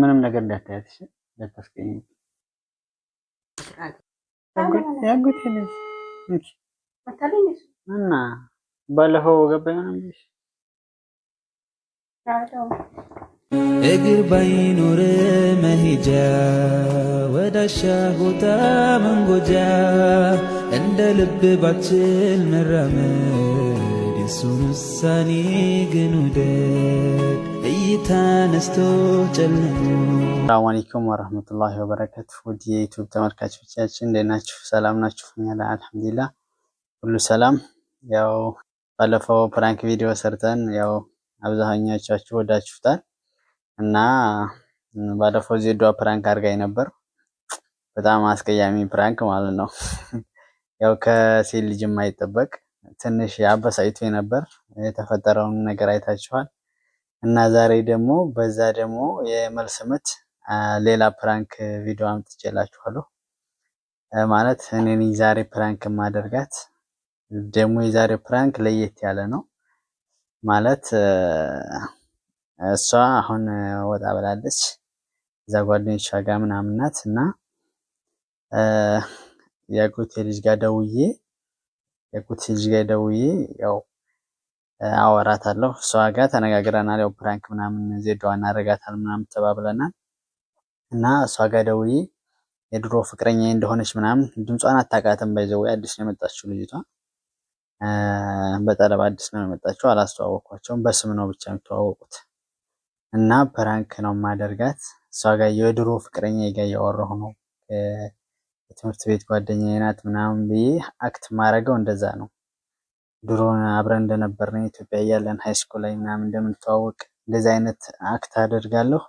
ምንም ነገር እንዳታያት፣ እሺ? እንዳታስቀኝ። ያጉት ልጅ እና ባለፈው እግር ባይኖር መሄጃ ወዳሻ ቦታ መንጎጃ እንደ ልብ ባችል መራመድ የሱን ውሳኔ ግን ውደድ እይታ ሰላሙ አለይኩም ወረህመቱላሂ ወበረካቱ። ውድ የዩቱብ ተመልካቾቻችን እንዴት ናችሁ? ሰላም ናችሁ? ያለ አልሐምዱሊላ ሁሉ ሰላም። ያው ባለፈው ፕራንክ ቪዲዮ ሰርተን ያው አብዛኛቻችሁ ወዳችሁታል እና ባለፈው ዜዷ ፕራንክ አድርጋኝ ነበር። በጣም አስቀያሚ ፕራንክ ማለት ነው። ያው ከሴት ልጅ የማይጠበቅ ትንሽ አበሳጭቶ ነበር። የተፈጠረውን ነገር አይታችኋል። እና ዛሬ ደግሞ በዛ ደግሞ የመልስ ምት ሌላ ፕራንክ ቪዲዮ አምጥቼላችኋለሁ። ማለት እኔ ዛሬ ፕራንክ ማደርጋት ደግሞ የዛሬ ፕራንክ ለየት ያለ ነው። ማለት እሷ አሁን ወጣ ብላለች እዛ ጓደኞቿ ጋር ምናምን ናት እና የአጎቴ ልጅ ጋር ደውዬ የአጎቴ ልጅ ጋር ደውዬ ያው አወራታለሁ። እሷ ጋር ተነጋግረናል። ያው ፕራንክ ምናምን ዜዳዋ እናደርጋታል ምናምን ተባብለናል እና እሷ ጋር ደውዬ የድሮ ፍቅረኛ እንደሆነች ምናምን ድምጿን አታውቃትም። ባይዘው አዲስ ነው የመጣችው ልጅቷ። በጠለብ አዲስ ነው የመጣችው። አላስተዋወቅኳቸውም። በስም ነው ብቻ የሚተዋወቁት እና ፕራንክ ነው ማደርጋት። እሷ ጋር የድሮ ፍቅረኛ ጋር እያወራሁ ነው። የትምህርት ቤት ጓደኛ ናት ምናምን ብዬ አክት ማድረገው እንደዛ ነው። ድሮ አብረን እንደነበርን ኢትዮጵያ እያለን ሃይስኩል ላይ ምናምን እንደምንተዋወቅ እንደዚህ አይነት አክት አደርጋለሁ።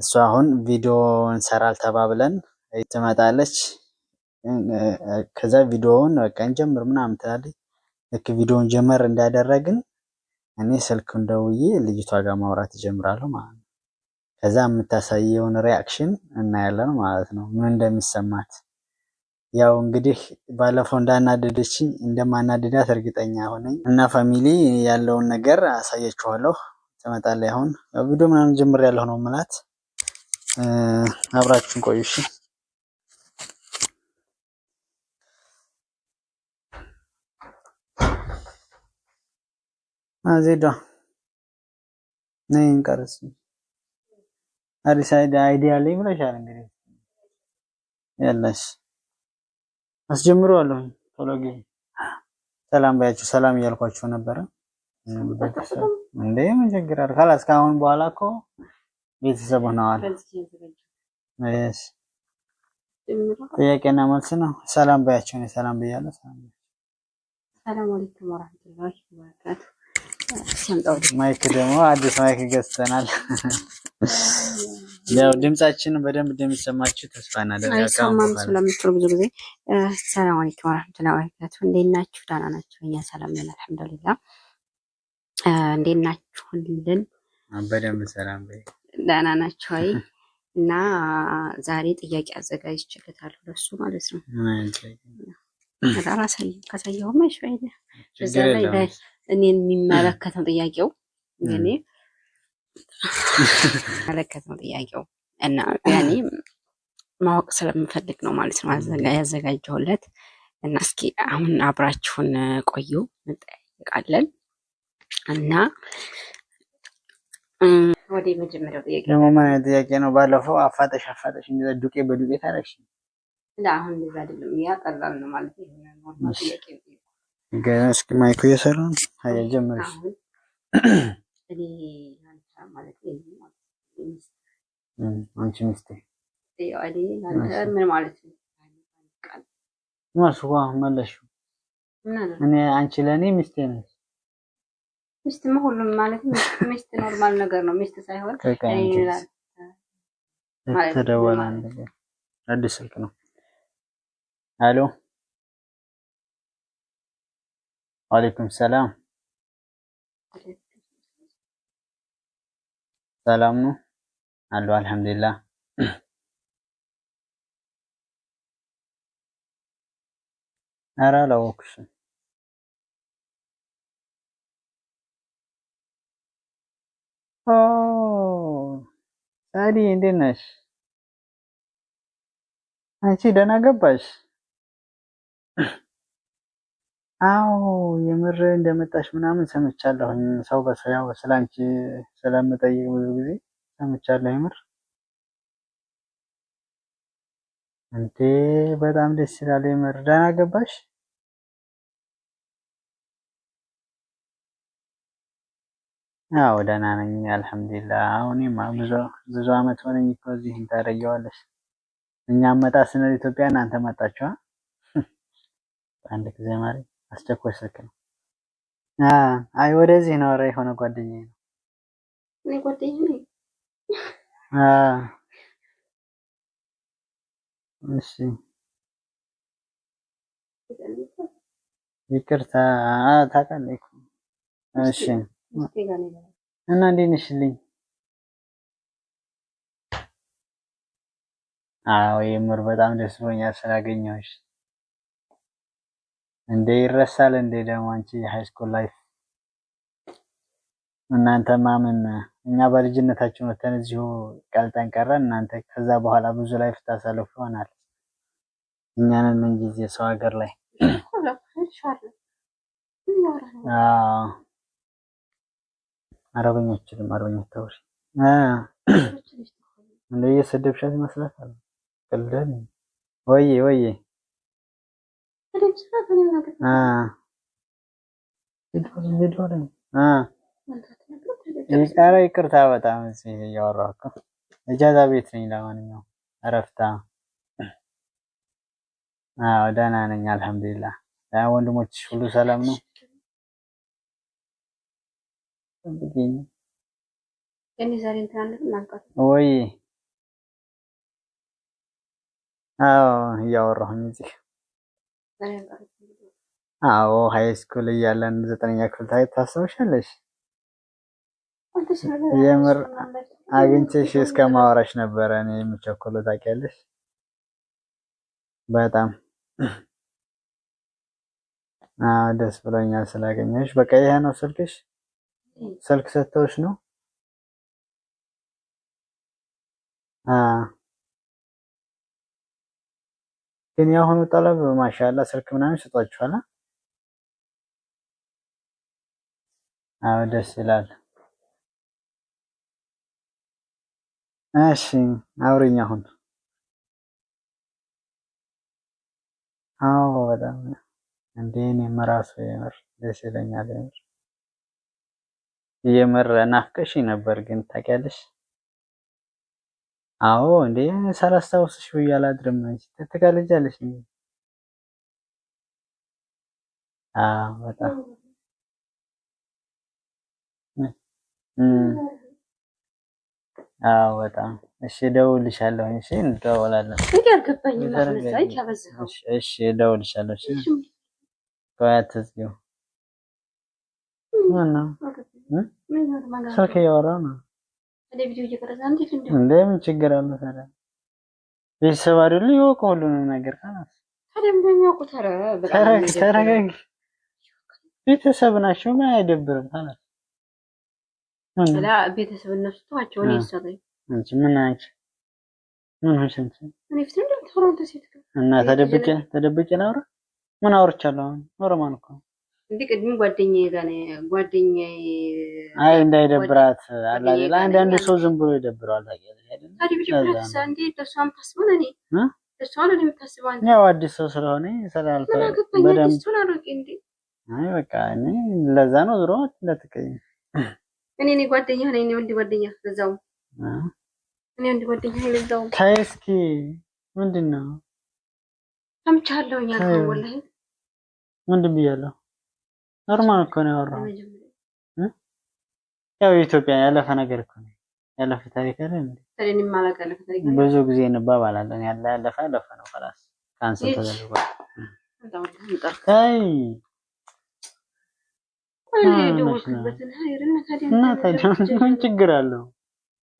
እሷ አሁን ቪዲዮ እንሰራል ተባብለን ትመጣለች። ከዛ ቪዲዮውን በቃ እንጀምር ምናምን ትላለች። ልክ ቪዲዮውን ጀመር እንዳደረግን እኔ ስልክ እንደውዬ ልጅቷ ጋር ማውራት እጀምራለሁ ማለት ነው። ከዛ የምታሳየውን ሪያክሽን እናያለን ማለት ነው፣ ምን እንደሚሰማት ያው እንግዲህ ባለፈው እንዳናደደችኝ እንደማናደዳት እርግጠኛ ሆነኝ እና ፋሚሊ ያለውን ነገር አሳያችኋለሁ። ትመጣለች አሁን ቪዲዮ ምናምን ጀምር ያለሁ ነው ምላት። አብራችን ቆዩ እሺ። ዜዷ ነይ እንቀርጽ። አዲስ አይዲያ አለኝ ብለሻል እንግዲህ ያለሽ አስጀምረዋለሁ። ቶሎ ግቢ። ሰላም ባያችሁ ሰላም እያልኳቸው ነበረ። እንዴ ምን ችግር አለ? ካላስ ከአሁን በኋላ እኮ ቤተሰብ ሆነዋል። እሺ ጥያቄና መልስ ነው። ሰላም ባያችሁ ነው። ሰላም ብያለሁ። ሰላም ሰላም አለይኩም ወራህመቱላሂ ወበረካቱ። ሰምጣው ማይክ ደግሞ አዲስ ማይክ ገዝተናል። ያው ድምጻችን በደንብ እንደሚሰማችሁ ተስፋ እናደርጋለን። አይሰማም ስለምትሉ ብዙ ጊዜ ሰላም አለይኩም ወራህመቱላሂ ወበረካቱ። እንዴት ናችሁ? ደህና ናችሁ? እኛ ሰላም ነን አልሐምዱሊላህ። እንዴት በደንብ ሰላም በይ። ደህና ናችሁ እና ዛሬ ጥያቄ አዘጋጅቼለታለሁ ለሱ ማለት ነው። እኔን ጥያቄው እኔ መለከት ነው ጥያቄው እና ያኔ ማወቅ ስለምፈልግ ነው ማለት ነው ያዘጋጀሁለት። እና እስኪ አሁን አብራችሁን ቆዩ፣ እንጠያየቃለን እና ወደ መጀመሪያው ጥያቄ ደግሞ ምን ጥያቄ ነው? ባለፈው አፋጠሽ አፋጠሽ እንደ ዱቄ በዱቄ ታረሽ እንደ አሁን እንደዛ አይደለም። ያ ቀላል ነው ማለት ነው። ኖርማል ጥያቄ እስኪ ማይኩ እየሰራ ነው። ሀያ እኔ በጣም ማለት አንቺ ሚስቴ እኔ ምን ማለት ነው? ማስዋ መለሽ እኔ አንቺ ለእኔ ሚስቴ ነች። ሚስት ሁሉም ማለት ሚስት ኖርማል ነገር ነው። ሚስት ሳይሆን ተደወለ አዲስ ስልክ ነው። አሎ አለይኩም ሰላም ሰላም ነው አሉ አልሐምዱሊላህ ኧረ አላወኩሽም ሳዲ እንዴት ነሽ አንቺ ደህና ገባሽ አዎ የምር እንደመጣሽ ምናምን ሰምቻለሁኝ። ሰው በሰው ስላንቺ ስለምጠይቅ ብዙ ጊዜ ሰምቻለሁ። የምር እንዴ በጣም ደስ ይላል። የምር ደህና ገባሽ? አዎ ደህና ነኝ አልሐምዱሊላህ። አሁን ብዙ ብዙ አመት ሆነኝ እኮ እዚህ ታደርጊዋለሽ። እኛ መጣ ስንል ኢትዮጵያ እናንተ መጣችኋ በአንድ ጊዜ ማለት አስቸኳይ ስልክ ነው። አይ ወደዚህ ነው። ኧረ የሆነ ጓደኛዬ ነው። እኔ ጓደኛዬ ነኝ። እሺ ይቅርታ። ታውቃለህ። እሺ እና እንዴት ነሽልኝ? አዎ የምር በጣም ደስ ብሎኛል ስላገኘሁሽ። እንዴ ይረሳል እንዴ ደግሞ አንቺ ስኩል ላይፍ እናንተ ማምን እኛ በልጅነታችን ወተን እዚሁ ቀልጠን ቀረ። እናንተ ከዛ በኋላ ብዙ ላይፍ ታሳልፉ ይሆናል። እኛንን ምን ጊዜ ሰው ሀገር ላይ አረበኞችንም አረበኞች ተውሽ እንደ እየሰደብሻት ይመስላታል። ቅልደን ወይ ወይ ኧረ ይቅርታ በጣም እያወራሁ እኮ እጃዛ ቤት ነኝ። ለማንኛውም እረፍታ። አዎ ደህና ነኝ አልሐምዱሊላህ። ወንድሞች ሁሉ ሰላም ነው? ወይ አዎ እያወራሁኝ እዚህ አዎ ሀይ ስኩል እያለን ዘጠነኛ ክፍል ታይ ታስታውሻለሽ? የምር አግኝቼሽ እስከ ማወራሽ ነበረ እኔ የምቸኮሎ ታውቂያለሽ። በጣም አዎ ደስ ብሎኛል ስላገኘሽ። በቃ ይሄ ነው ስልክሽ? ስልክ ሰጥተውሽ ነው? አዎ ግን የአሁኑ ጠለብ ማሻላ ስልክ ምናምን ይሰጧችኋል። አዎ ደስ ይላል። እሺ አውሪኝ አሁን። አዎ በጣም እንዴ እኔም ራሱ የምር ደስ ይለኛል። የምር የምር ናፍቀሽኝ ነበር ግን ታውቂያለሽ አዎ እንዴ ሳላስታውስሽ ብዬ አላድርም። አንቺ ትቀልጃለሽ። አዎ በጣም አዎ በጣም እሺ፣ እደውልልሻለሁ። እሺ፣ እንደዋወላለን። እሺ፣ እደውልልሻለሁ። እሺ፣ ቆይ አትዝጊው። ማነው ስልክ እያወራ ነው? እንደምን ችግር አለ ታዲያ? ቤተሰብ አይደሉ ይወቁ ሁሉንም ነገር ካላት ተረጋጊ። ቤተሰብ ናቸው ምን አይደብርም ካላት ቤተሰብ እነሱ ምን ምን እና ተደብቄ ተደብቄ ላውራ ምን አውርቻለሁ? ኖርማን እኮ ነው ቅድም ጓደኛዬ ጋር ጓደኛዬ አይ እንዳይደብራት አንዳንድ ሰው ዝም ብሎ ይደብረዋል። ነው ያው አዲስ ሰው ስለሆነ አይ በቃ እኔ ለዛ ነው ዝሮ እንዳትቀይም እኔ እኔ ጓደኛ ነኝ እኔ ወንድ ጓደኛ ለዛው እኔ ወንድ ጓደኛ ለዛው ተይ እስኪ ምንድን ነው ሰምቻለሁኝ አልከው ወላሂ ምንድን ብያለሁ ኖርማል እኮ ነው ያወራው። ያው የኢትዮጵያ ያለፈ ነገር እኮ ነው ያለፈ ታሪክ አይደል? ብዙ ጊዜ እንባባላለን። ያለ ያለፈ ያለፈ ነው። ኸላስ ካንሰል ተደርጓል። እና ታዲያ ምን ችግር አለው?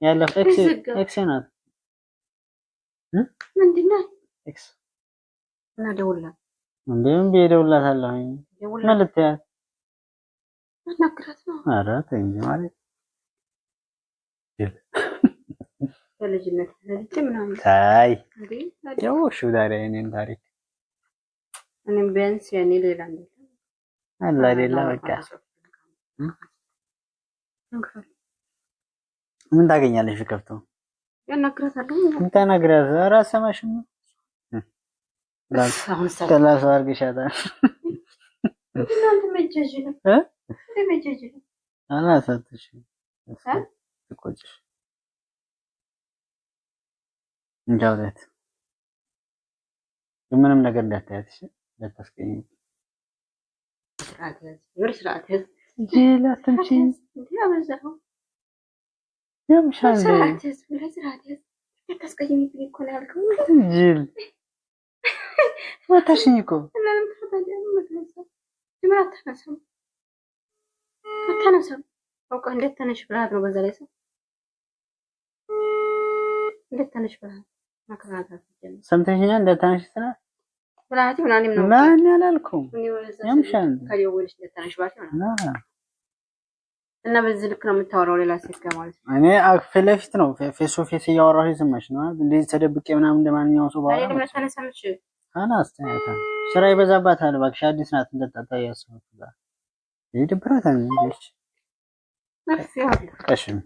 ያለፈ ኤክስ ናት እና ደውላ ብዬ ደውላታለሁኝ። ምን ልትያት ኧረ ተይኝ ማለት ታይ ያወቅሽው ታዲያ የእኔን ታሪክ ቢያንስ ምን ታገኛለሽ? ከብቶ ተነግረህ ኧረ አሰማሽም ነው አድርግሻታል እንዳውለት ምንም ነገር እንዳታያት፣ እሺ እንዳታስቀኝ። ስርዓት ለምን አታነሳም? አታነሳም? አውቃ እንዴት ተነሽ ብልሃት ነው። በዛ ላይ ሰው እንዴት ተነሽ ብልሃት ማከራታ ሰምተሽኛል። እንዴት ነው ማን ያላልኩም ያምሻል እንዴት ተነሽ ባሽ እና በዚህ ልክ ነው የምታወራው ሌላ ሴት ጋር ነው። እኔ ፊት ለፊት ነው ፌስ ቱ ፌስ እያወራሁ የሰማሽ ነው። እንደዚህ ተደብቄ ምናምን እንደማንኛውም ሰው ስራ ይበዛባታል እባክሽ። አዲስ ናት እንደጣጣ ያሰሙት ጋር ይሄ ድብራታል እንዴሽ ቀሽም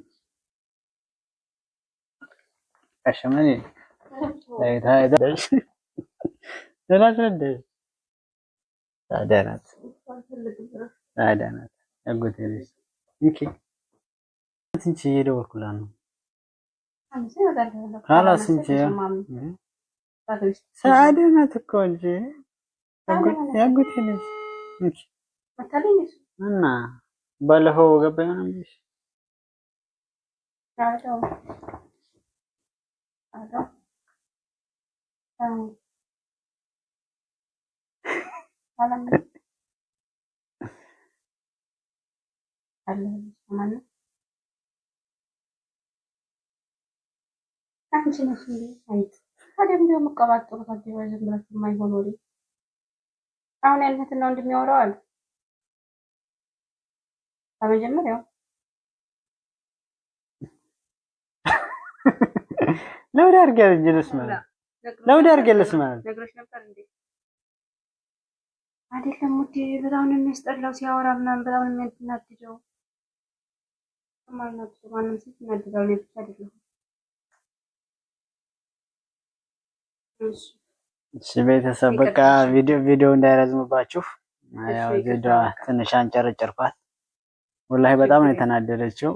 ቀሽም እኔ ታይታሽ ለላስረዳሽ ታዲያ ናት ታዲያ ናት አጎቴ ልጅ እንኪ እንቺ እየደወልኩላት ነው። ሀላስ እንቺ ሰዓዳ እኮ እንጂ ያጉት ልጅ እንኪ እና ባለፈው ገባኝ ምናምን ብዬሽ አንቺ ነሽ አይት ታዲያ እንደው መቀባጠሩ ከዚህ በኋላ ዝም ብላችሁ የማይሆን ወሬ አሁን ያልነት ነው እንደሚያወራው አሉ። ከመጀመሪያው ለወደ አድርጌ ልጅልስ ማለት ለወደ አድርጌ ልስ ማለት ነበር እንዴ? አይደለም ውዴ፣ በጣም ነው የሚያስጠላው ሲያወራ ምናምን፣ በጣም ነው የሚያናድደው። ማናት ማንም ሴት እናድዳው ለብቻ አይደለም እሱ እሺ ቤተሰብ በቃ ቪዲዮ ቪዲዮ እንዳይረዝምባችሁ ያው ትንሽ አንጨረጨርኳት። ወላሂ በጣም ነው የተናደደችው።